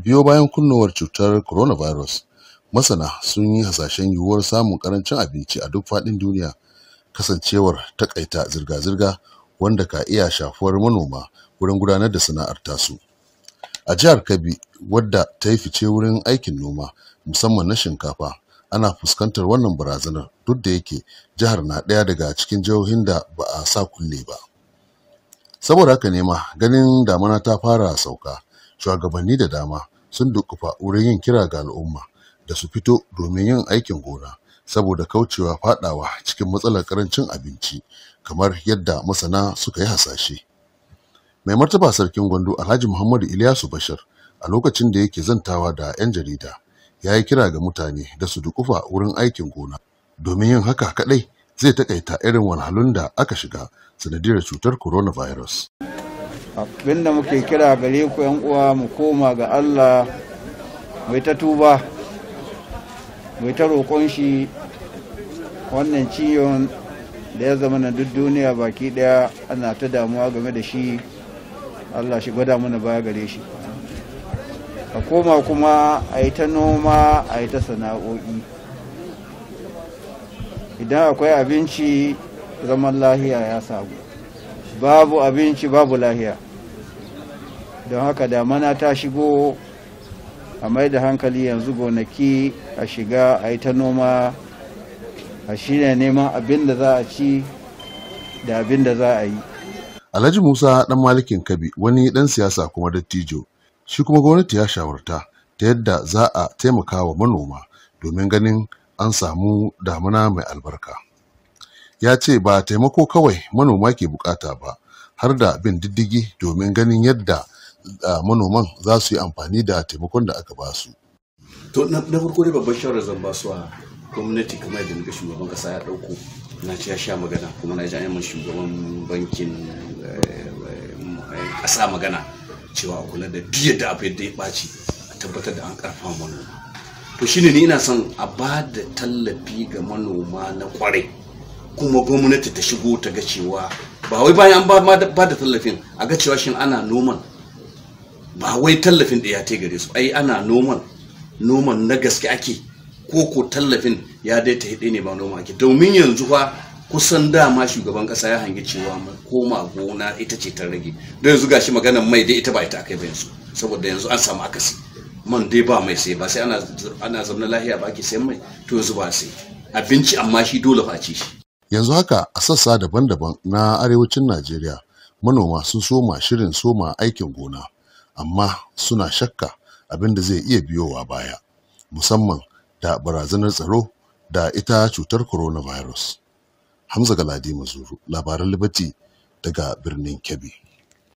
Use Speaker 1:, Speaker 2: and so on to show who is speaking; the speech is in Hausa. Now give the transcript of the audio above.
Speaker 1: biyo bayan kunnowar cutar coronavirus masana sun yi hasashen yiwuwar samun karancin abinci a duk faɗin duniya kasancewar takaita zirga-zirga wanda ka iya shafuwar manoma wurin gudanar da sana'ar tasu a jihar kabi wadda ta yi fice wurin aikin noma musamman na shinkafa ana fuskantar wannan barazanar duk da yake jihar na ɗaya daga cikin jihohin da ba a sa kulle ba saboda haka ne ma ganin damana ta fara sauka shugabanni da dama sun dukufa wurin yin kira ga al'umma da su fito domin yin aikin gona saboda kaucewa fadawa cikin matsalar karancin abinci kamar yadda masana suka yi hasashe mai martaba sarkin gwando alhaji muhammadu iliyasu bashir a lokacin da yake zantawa da 'yan jarida ya yi kira ga mutane da su dukufa wurin aikin gona domin yin haka kadai zai takaita irin wahalhalun da aka shiga sanadiyar cutar coronavirus
Speaker 2: abinda muke kira gare ku yan uwa mu koma ga Allah mai ta tuba mai ta roƙon shi wannan ciyon da ya zama na duk duniya baki daya ana ta damuwa game da shi Allah shi gwada mana baya gare shi a koma kuma a yi ta noma a yi ta sana'o'i idan akwai abinci zaman lahiya ya samu babu abinci babu lahiya don haka da mana ta shigo a mai da hankali yanzu gonaki a shiga a yi ta noma a shine neman abin da za a ci da abin da za a yi
Speaker 1: alhaji musa dan malikin kabi wani dan siyasa kuma dattijo shi kuma gwamnati ya shawarta ta yadda za a taimaka wa manoma domin ganin an samu damuna mai albarka ya ce ba taimako kawai manoma ke bukata ba har da bin diddigi domin ganin yadda manoman za su yi amfani da taimakon da aka ba su.
Speaker 3: To na farko dai babban shawarar zan ba su a gwamnati kamar da muka shugaban kasa ya dauko na ci ya sha magana kuma na ji an shugaban bankin eh, eh, kasa magana cewa a kula da biyar da abu da ya ɓaci a tabbatar da an karfa manoma. To shine ni ina son a ba da tallafi ga manoma na kwarai. kuma gwamnati ta shigo ta ga cewa ba wai bayan an ba da tallafin a ga cewa shin ana noman ba wai tallafin da ya ta gare su ai ana noman noman na gaske ake ko ko tallafin ya dai ta hide ne ba noma ake domin yanzu fa kusan dama shugaban kasa ya hangi cewa koma gona ita ce ta rage don yanzu gashi maganar mai dai ita ba ita akai ba yanzu saboda yanzu an samu akasi man dai ba mai sai ba sai ana ana lahiya ba ake sayan mai to yanzu ba sai abinci amma shi dole fa ci shi
Speaker 1: yanzu haka a sassa daban-daban na arewacin najeriya manoma sun soma shirin soma aikin gona amma suna shakka abin da zai iya biyowa baya musamman da barazanar tsaro da ita cutar coronavirus hamza galadi mazuru labaran libati daga birnin kebbi